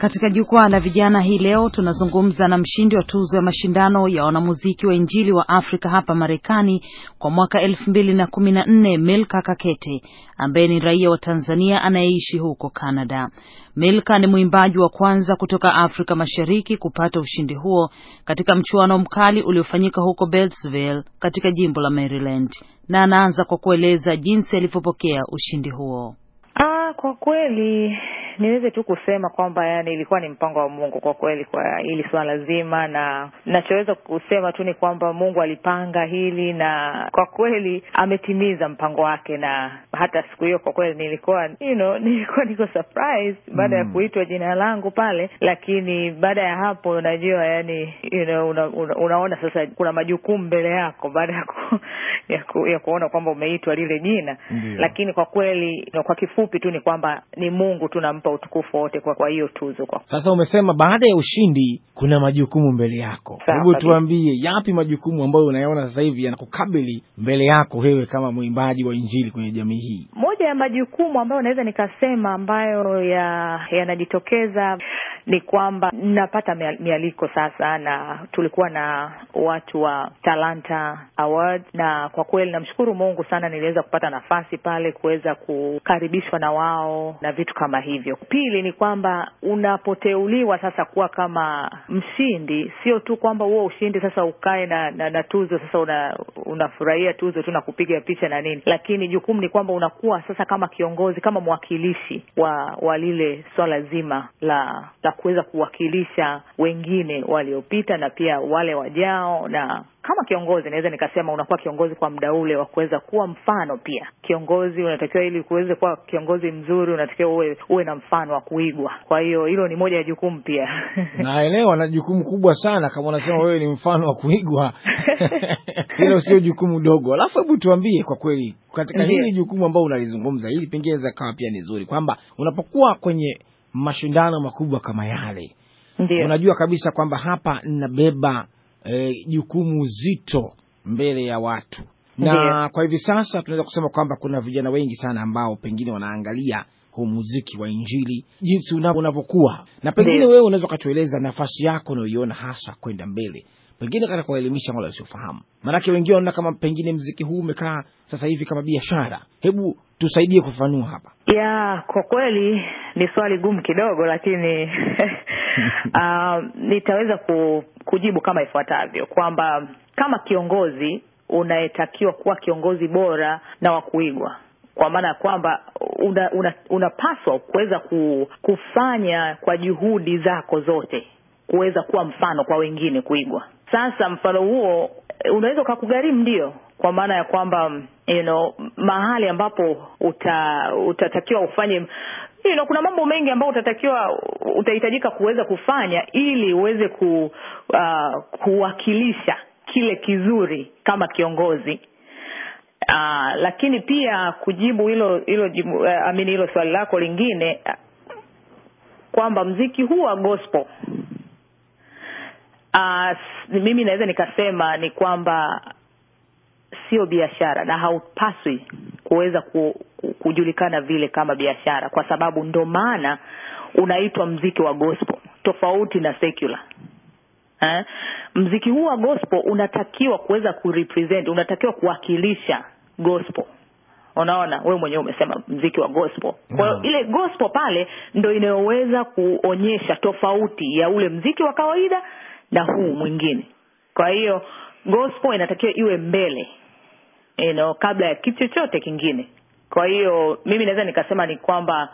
Katika jukwaa la vijana hii leo tunazungumza na mshindi wa tuzo ya mashindano ya wanamuziki wa Injili wa Afrika hapa Marekani kwa mwaka elfu mbili na kumi na nne Milka Kakete ambaye ni raia wa Tanzania anayeishi huko Canada. Milka ni mwimbaji wa kwanza kutoka Afrika Mashariki kupata ushindi huo katika mchuano mkali uliofanyika huko Beltsville katika jimbo la Maryland, na anaanza kwa kueleza jinsi alivyopokea ushindi huo. Ah, kwa kweli niweze tu kusema kwamba yani ilikuwa ni mpango wa Mungu kwa kweli kwa hili swala zima, na nachoweza kusema tu ni kwamba Mungu alipanga hili na kwa kweli ametimiza mpango wake. Na hata siku hiyo kwa kweli nilikuwa you know, nilikuwa niko surprise baada mm. ya kuitwa jina langu pale, lakini baada ya hapo unajua yani you know, una, una, unaona sasa kuna majukumu mbele yako baada ya, ku, ya, ku, ya kuona kwamba umeitwa lile jina Ndiyo. Lakini kwa kweli kwa kifupi tu ni kwamba ni Mungu tunampa kukupa utukufu wote kwa, kwa hiyo tuzo kwa. Sasa umesema baada ya ushindi kuna majukumu mbele yako, hebu tuambie yapi majukumu ambayo unayaona sasa hivi yanakukabili mbele yako wewe kama mwimbaji wa injili kwenye jamii hii? Moja ya majukumu ambayo naweza nikasema ambayo yanajitokeza ni kwamba napata mialiko sasa, na tulikuwa na watu wa Talanta Award, na kwa kweli namshukuru Mungu sana, niliweza kupata nafasi pale kuweza kukaribishwa na wao na vitu kama hivyo. Pili ni kwamba unapoteuliwa sasa kuwa kama mshindi, sio tu kwamba huo ushindi sasa ukae na, na, na tuzo sasa una, unafurahia tuzo tu na kupiga picha na nini, lakini jukumu ni kwamba unakuwa sasa kama kiongozi, kama mwakilishi wa wa lile swala zima la la kuweza kuwakilisha wengine waliopita na pia wale wajao na kama kiongozi naweza nikasema unakuwa kiongozi kwa muda ule wa kuweza kuwa mfano. Pia kiongozi unatakiwa, ili kuweze kuwa kiongozi mzuri, unatakiwa uwe, uwe na mfano wa kuigwa. Kwa hiyo hilo ni moja ya jukumu pia. Naelewa, na jukumu kubwa sana kama unasema wewe ni mfano wa kuigwa hilo sio jukumu dogo. Alafu hebu tuambie kwa kweli, katika mhm. hili jukumu ambao unalizungumza, hili pengine inaweza kawa pia ni zuri kwamba unapokuwa kwenye mashindano makubwa kama yale, unajua kabisa kwamba hapa ninabeba Eh, jukumu zito mbele ya watu na Ndiyo. Kwa hivi sasa tunaweza kusema kwamba kuna vijana wengi sana ambao pengine wanaangalia huu muziki wa Injili jinsi unavyokuwa, na pengine wewe unaweza ukatueleza nafasi yako unayoiona hasa kwenda mbele, pengine katika kuwaelimisha wale wasiofahamu, maanake wengine wanaona kama pengine mziki huu umekaa sasa hivi kama biashara. Hebu tusaidie kufafanua hapa. Ya, kwa kweli ni swali gumu kidogo, lakini Ah, nitaweza ku, kujibu kama ifuatavyo kwamba kama kiongozi unayetakiwa kuwa kiongozi bora na wa kuigwa kwa maana ya kwamba unapaswa una, una kuweza ku, kufanya kwa juhudi zako zote kuweza kuwa mfano kwa wengine kuigwa. Sasa mfano huo unaweza ukakugharimu, ndio, kwa maana ya kwamba you know, mahali ambapo uta, utatakiwa ufanye you know, kuna mambo mengi ambayo utatakiwa utahitajika kuweza kufanya ili uweze ku, uh, kuwakilisha kile kizuri kama kiongozi uh, lakini pia kujibu hilo hilo uh, amini hilo swali lako lingine uh, kwamba mziki huu wa gospel uh, mimi naweza nikasema ni kwamba sio biashara na haupaswi kuweza ku, kujulikana vile kama biashara, kwa sababu ndo maana unaitwa mziki wa gospel tofauti na secular Eh, mziki huu wa gospel unatakiwa kuweza kurepresent, unatakiwa kuwakilisha gospel unaona wewe mwenyewe umesema mziki wa gospel kwa hiyo mm. ile gospel pale ndo inayoweza kuonyesha tofauti ya ule mziki wa kawaida na huu mwingine kwa hiyo gospel inatakiwa iwe mbele you know, kabla ya kitu chochote kingine kwa hiyo mimi naweza nikasema ni kwamba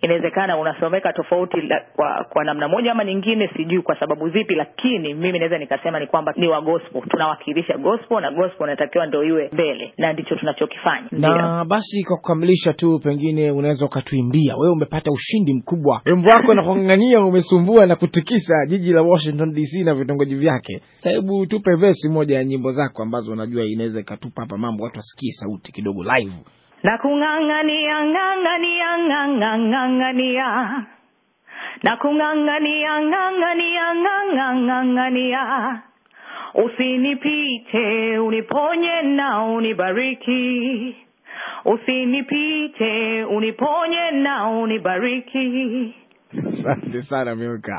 inawezekana unasomeka tofauti la, kwa, kwa namna moja ama nyingine, sijui kwa sababu zipi, lakini mimi naweza nikasema ni kwamba ni wa gospel, tunawakilisha gospel na gospel unatakiwa ndo iwe mbele, na ndicho tunachokifanya. Na basi kwa kukamilisha tu, pengine unaweza ukatuimbia wewe, umepata ushindi mkubwa, wimbo wako nakungangania umesumbua na kutikisa jiji la Washington DC na vitongoji vyake. Sasa hebu tupe vesi moja ya nyimbo zako ambazo unajua inaweza ikatupa hapa mambo, watu wasikie sauti kidogo live na kung'ang'ania ng'ang'ania ng'ang'ang'ania na kung'ang'ania ng'ang'ania ng'ang'ang'ania usinipite uniponye na unibariki usinipite uniponye na unibariki asante sana milka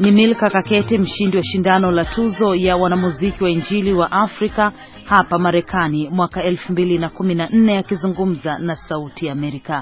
Ni Milka Kakete, mshindi wa shindano la tuzo ya wanamuziki wa injili wa Afrika hapa Marekani mwaka 2014 akizungumza na Sauti ya Amerika.